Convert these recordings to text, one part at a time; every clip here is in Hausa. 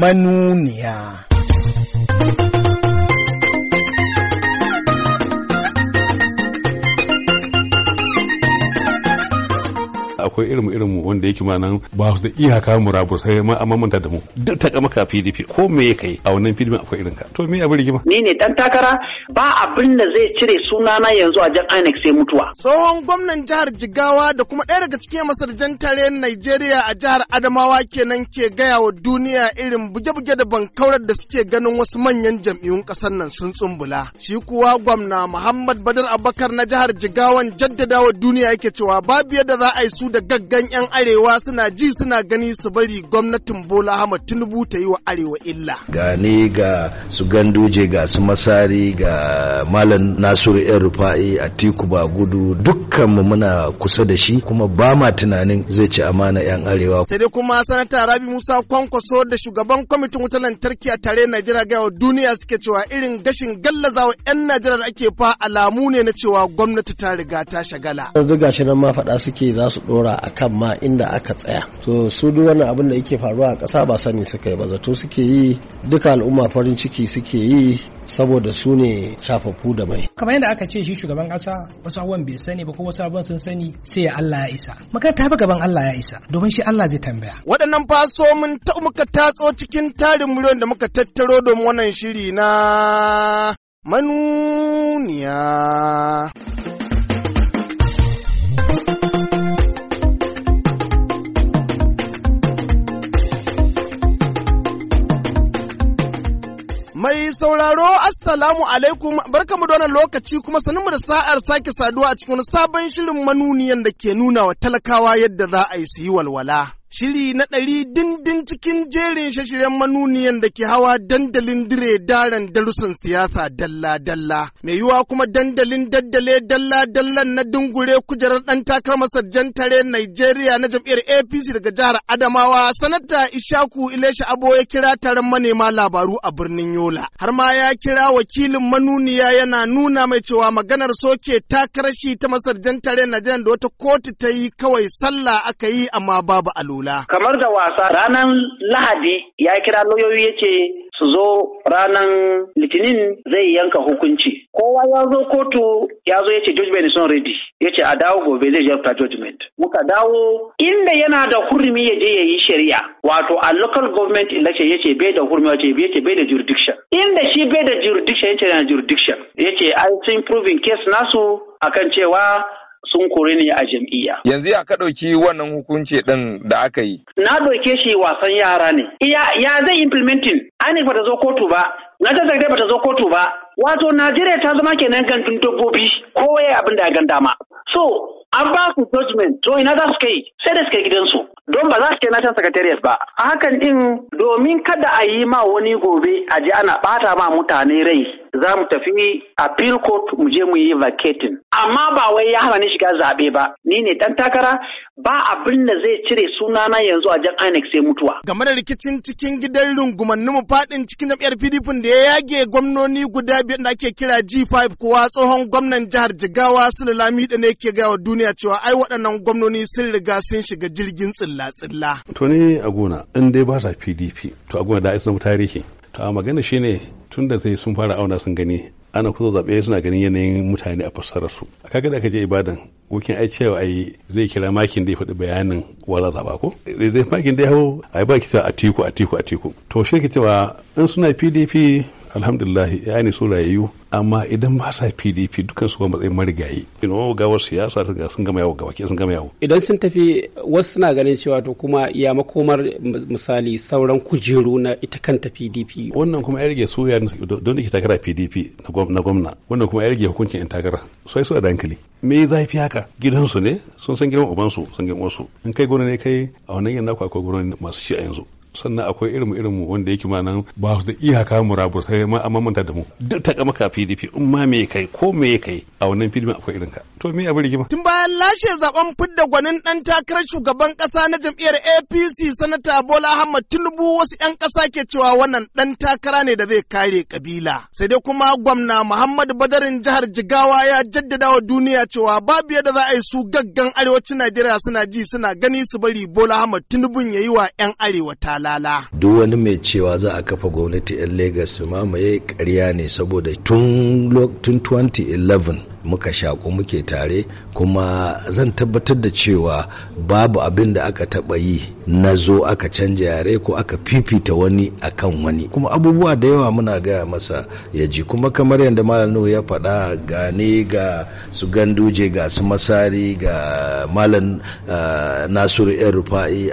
manuniya. akwai irin irin mu wanda yake ma nan ba su da iyaka murabu sai ma amma manta da mu duk ta kama ka PDP ko me kai a wannan filmin akwai irin ka to me abin rigima ni ne dan takara ba abin da zai cire sunana yanzu a jan INEC sai mutuwa tsohon gwamnan jihar Jigawa da kuma ɗaya daga cikin masarjan tare Nigeria a jihar Adamawa kenan ke gaya wa duniya irin buge-buge da bankaurar da suke ganin wasu manyan jam'iyyun ƙasar nan sun tsumbula shi kuwa gwamna Muhammad Badar Abubakar na jihar Jigawan jaddadawa duniya yake cewa babu yadda za a yi su su da gaggan 'yan arewa suna ji suna gani su bari gwamnatin bola ahmad tinubu ta yi wa arewa illa gane ga su ganduje ga su masari ga malam nasiru yan rufa'i a tiku ba gudu dukkanmu muna kusa da shi kuma ba ma tunanin zai ci amana 'yan arewa sai dai kuma sanata rabi musa kwankwaso da shugaban kwamitin wutar lantarki a tare najeriya gaya duniya suke cewa irin gashin gallazawa 'yan najeriya da ake fa alamu ne na cewa gwamnati ta riga ta shagala yanzu gashi nan ma faɗa suke za su ɗora dora kan ma inda aka tsaya to su duk wannan abin da yake faruwa a ƙasa ba sani suka yi ba zato suke yi duka al'umma farin ciki suke yi saboda su ne shafafu da mai kamar yadda aka ce shi shugaban ƙasa wasu abubuwan bai sani ba ko wasu abubuwan sun sani sai ya Allah ya isa maka ta gaban Allah ya isa domin shi Allah zai tambaya waɗannan faso mun ta muka tatso cikin tarin miliyon da muka tattaro domin wannan shiri na manuniya sauraro assalamu alaikum barkamu da wannan lokaci kuma sanin da sa'ar sake saduwa a cikin sabon shirin manuniyan da ke nuna wa talakawa yadda za a yi su yi walwala. shiri na ɗari dindin cikin jerin shashiren manuniyan da ke hawa dandalin dire daren darussan siyasa dalla-dalla. Mai yiwuwa kuma dandalin daddale dalla-dallan na dungure kujerar ɗan takarar tare Nigeria na jam'iyyar APC daga jihar Adamawa, sanata Ishaku Ilesha Abo ya kira taron manema labaru a birnin Yola. Har ma ya kira wakilin manuniya yana nuna mai cewa maganar soke takarar shi ta masarjantare Najeriya da wata kotu ta yi kawai sallah aka yi amma babu alo. hula. Kamar da wasa ranar Lahadi ya kira lauyoyi ya ce su zo ranar litinin zai yanka hukunci kowa ya zo kotu ya zo ya ce judgment is not ready ya ce a dawo gobe zai ta judgment muka dawo inda yana da hurumi ya je ya yi shari'a wato a local government election ya ce bai da hurumi ya bai da jurisdiction inda shi bai da jurisdiction ya ce yana jurisdiction ya ce an sun proving case nasu akan cewa sun kore ne a jam'iyya. Yanzu ya ka ɗauki wannan hukunci ɗin da aka yi? Na ɗauke shi wasan yara ne. Iya ya zai implementin, INEC ba ta zo kotu ba, na ta ba ta zo kotu ba. Wato Najeriya ta zama kenan gantun dabbobi ko waye abin da ya ganda ma. So an ba su judgment to ina za su kai sai da kai gidansu don ba za su kai national secretariat ba a hakan ɗin domin kada a yi ma wani gobe a ji ana bata ma mutane rai za mu tafi appeal court mu je mu yi vacating amma ba wai ya hana ni shiga zaɓe ba ni ne ɗan takara ba abin da zai cire sunana yanzu a jan INEC sai mutuwa game da rikicin cikin gidan rungumannin mu fadin cikin jam'iyyar PDP da ya yage gwamnoni guda biyar da ake kira G5 kuwa tsohon gwamnan jihar Jigawa Sule da ne ke gaya wa duniya cewa ai waɗannan gwamnoni sun riga sun shiga jirgin tsilla-tsilla to ne a gona in dai ba sa PDP to a gona da ai mu tarihi to a magana shine tun da sai sun fara auna sun gani ana kusa zaɓe suna ganin yanayin mutane a fassarar su kaga da aka je ibadan wakin ai cewa ai zai kira makin da ya faɗi bayanin wala zaba ko zai makin da ya hau ai ba ki cewa atiku atiku tiku to shi ki cewa in suna pdp alhamdulillah ya ne so rayu amma idan ba sa pdp dukkan su matsayin marigayi in wa gawar siyasa sun gama yawo gabaki sun gama yawo idan sun tafi wasu suna ganin cewa to kuma ya makomar misali sauran kujeru na ita kanta pdp wannan kuma ya rage su ya don da ke takara pdp na gwamna wannan kuma ya rage hukuncin yan takara sai su a dankali me zafi haka gidansu ne sun san girman ubansu sun girman wasu in kai gona ne kai a wannan yan naku akwai gona masu shi a yanzu sannan akwai irin irin mu wanda yake manan ba su da iyaka murabur sai ma amma manta da mu duk ta kama ka PDP in ma me kai ko me kai a wannan filmin akwai irin ka To me abu rigima? Tun bayan lashe zaben fidda gwanin ɗan takarar shugaban ƙasa na jam'iyyar APC sanata Bola Ahmad Tinubu wasu 'yan ƙasa ke cewa wannan ɗan takara ne da zai kare kabila. Sai dai kuma gwamna Muhammadu Badarin jihar Jigawa ya jaddada wa duniya cewa babu yadda za a yi su gaggan arewacin Najeriya suna ji suna gani su bari Bola Ahmad Tinubu ya yi wa 'yan arewa talala. Duk wani mai cewa za a kafa gwamnati 'yan Legas su mamaye ƙarya ne saboda tun 2011 muka shaƙo muke tare kuma zan tabbatar da cewa babu abin da aka taba yi na zo aka canja yare ko aka fifita wani akan wani kuma abubuwa da yawa muna gaya masa ya ji kuma kamar yadda malam nuhu ya faɗa gane ga su ganduje ga su masari ga malam ah, nasiru yan rufa'i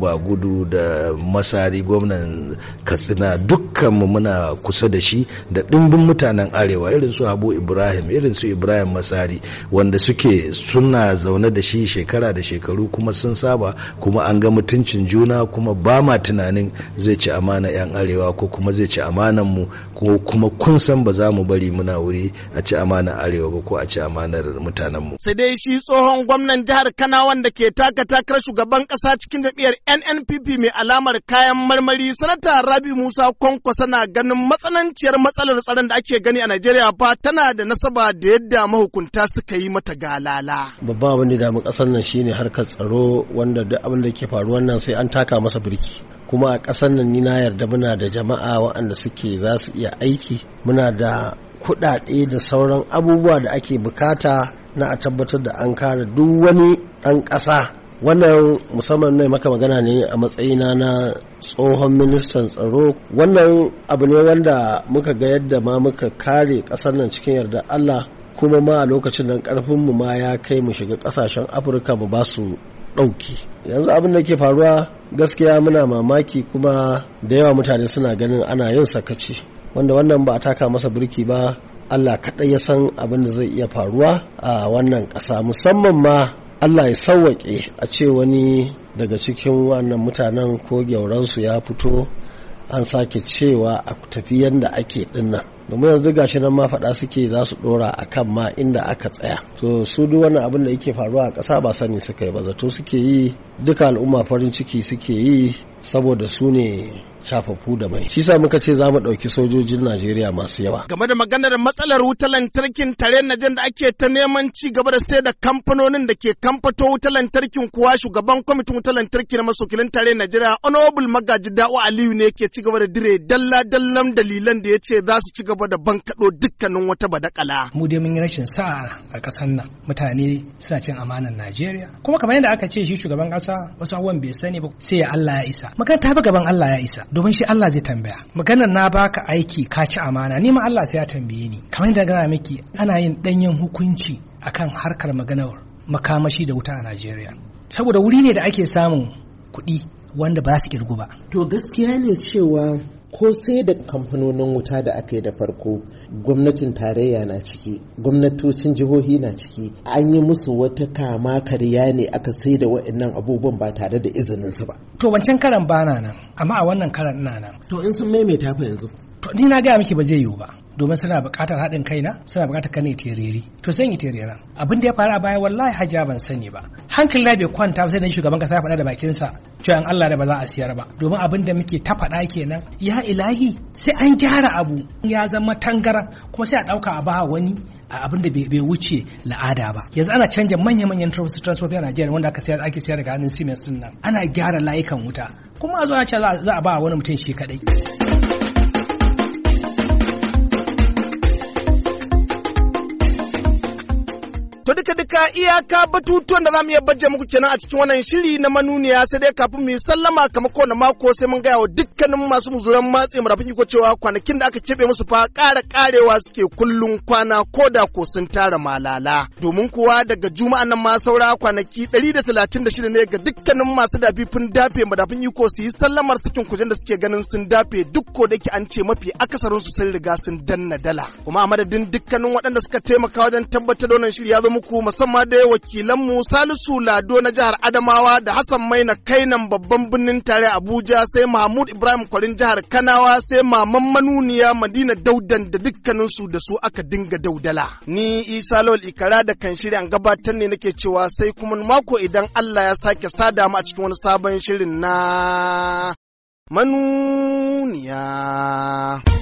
ba gudu da masari gwamnan katsina dukkanmu muna kusa da shi da ɗimbin mutanen arewa irin su habu ibrahim irin su ibrahim masari wanda suke suna zaune da shi shekara da shekaru kuma sun saba kuma an ga mutuncin juna kuma ba ma tunanin zai ci amana 'yan arewa ko kuma zai ci amanan mu ko kuma kun san ba za mu bari muna wuri a ci amana arewa ba ko a ci amanar mutanen mu sai dai shi tsohon gwamnan jihar kana wanda ke taka takar shugaban kasa cikin jam'iyyar nnpp mai alamar kayan marmari sanata rabi musa kwankwasa na ganin matsananciyar matsalar tsaron da ake gani a najeriya ba tana da nasaba da yadda mahukunta suka yi yi mata galala. Babban abin da damu kasar nan shine harkar tsaro wanda duk abin da ke faruwan nan sai an taka masa birki. Kuma a kasar nan ni na yarda muna da jama'a waɗanda suke za su iya aiki muna da kuɗaɗe da sauran abubuwa da ake bukata na a tabbatar da an kare duk wani ɗan ƙasa wannan musamman ne maka magana ne a matsayina na tsohon ministan tsaro wannan abu ne wanda muka ga yadda ma muka kare ƙasar nan cikin yarda Allah kuma ma a lokacin nan karfinmu ma ya kai mu shiga kasashen afirka mu ba su ɗauki yanzu abin da ke faruwa gaskiya muna mamaki kuma da yawa mutane suna ganin ana yin sakaci wanda wannan ba a taka masa birki ba allah kaɗai ya san abin da zai iya faruwa a wannan ƙasa musamman ma allah ya sauwaƙe a ce wani daga cikin wannan mutanen ko gyauransu ya fito an sake cewa a tafi yadda ake ɗinnan domin yanzu gashi nan ma faɗa suke za su ɗora a kan ma inda aka tsaya to su duk wannan abin da yake faruwa a ƙasa ba sani suka yi ba zato suke yi duka al'umma farin ciki suke yi saboda su ne shafafu da mai shi sa muka ce za mu ɗauki sojojin najeriya masu yawa game da maganar matsalar wutar lantarkin tare na da ake ta neman ci gaba da sai da kamfanonin da ke kamfato wutar lantarkin kuwa shugaban kwamitin wutar lantarki na masokilin tare najeriya honorable magaji da'u aliyu ne ke ci gaba da dire dalla dallan dalilan da ya ce za su ci gaba da bankaɗo dukkanin wata badakala mu dai mun yi rashin sa'a a ƙasar nan mutane suna cin amanar najeriya kuma kamar yadda aka ce shi shugaban ƙasa wasu abubuwan bai sani ba sai Allah ya isa isa magana ta gaban Allah ya isa domin shi Allah zai tambaya maganar na baka aiki ka ci amana ni ma Allah sai ya tambaye ni kamar yadda gana miki ana yin danyen hukunci akan harkar maganar makamashi da wuta a Najeriya saboda wuri ne da ake samun kuɗi wanda ba su kirgu ba to gaskiya ne cewa ko sai da kamfanonin wuta da aka yi da farko gwamnatin tarayya na ciki gwamnatocin jihohi na ciki an yi musu wata kama karya ne aka sai da wa'annan abubuwan ba tare da izinin su ba to wancan karan bana nan amma a wannan karan ina nan to in sun maimaita fa yanzu to ni na gaya miki ba zai yiwu ba domin suna buƙatar haɗin kai na, suna buƙatar kane tereri to sai yi terera abin da ya faru a baya wallahi hajiya ban sani ba hankali na bai kwanta sai dan shugaban kasa ya faɗa da sa cewa an Allah da ba za a siyar ba domin abin da muke ta faɗa kenan ya ilahi sai an gyara abu ya zama tangara. kuma sai a ɗauka a ba wani a abin da bai wuce la'ada ba yanzu ana canja manya-manyan transport a Najeriya wanda aka sayar ake sayar daga hannun Siemens din nan ana gyara layukan wuta kuma a zo a ce za a ba wani mutum shi kadai To duka duka iyaka batutuwan da zamu iya bajje muku kenan a cikin wannan shiri na manuniya sai dai kafin mu sallama kamar kowane mako sai mun gaya wa dukkanin masu muzuran matse mu iko cewa kwanakin da aka kebe musu fa ƙara ƙarewa suke kullun kwana ko da ko sun tara malala. Domin kuwa daga juma'a nan ma saura kwanaki 136 ne ga dukkanin masu dafifin dafe madafin iko su yi sallamar sakin kujen da suke ganin sun dafe duk ko da ke an ce mafi akasarin su sun riga sun danna dala. Kuma a madadin dukkanin waɗanda suka taimaka wajen tabbatar da wannan shiri ya zo muku musamman dai wakilanmu Salisu Lado na jihar Adamawa da Hassan Maina Kainan babban birnin tare Abuja sai Mahmud Ibrahim Kwarin jihar Kanawa sai Maman Manuniya Madina Daudan da dukkaninsu da su aka dinga daudala. Ni Isa Lawal Ikara da kan shirin gabatar ne nake cewa sai kuma mako idan Allah ya sake sada mu a cikin wani sabon shirin na manuniya.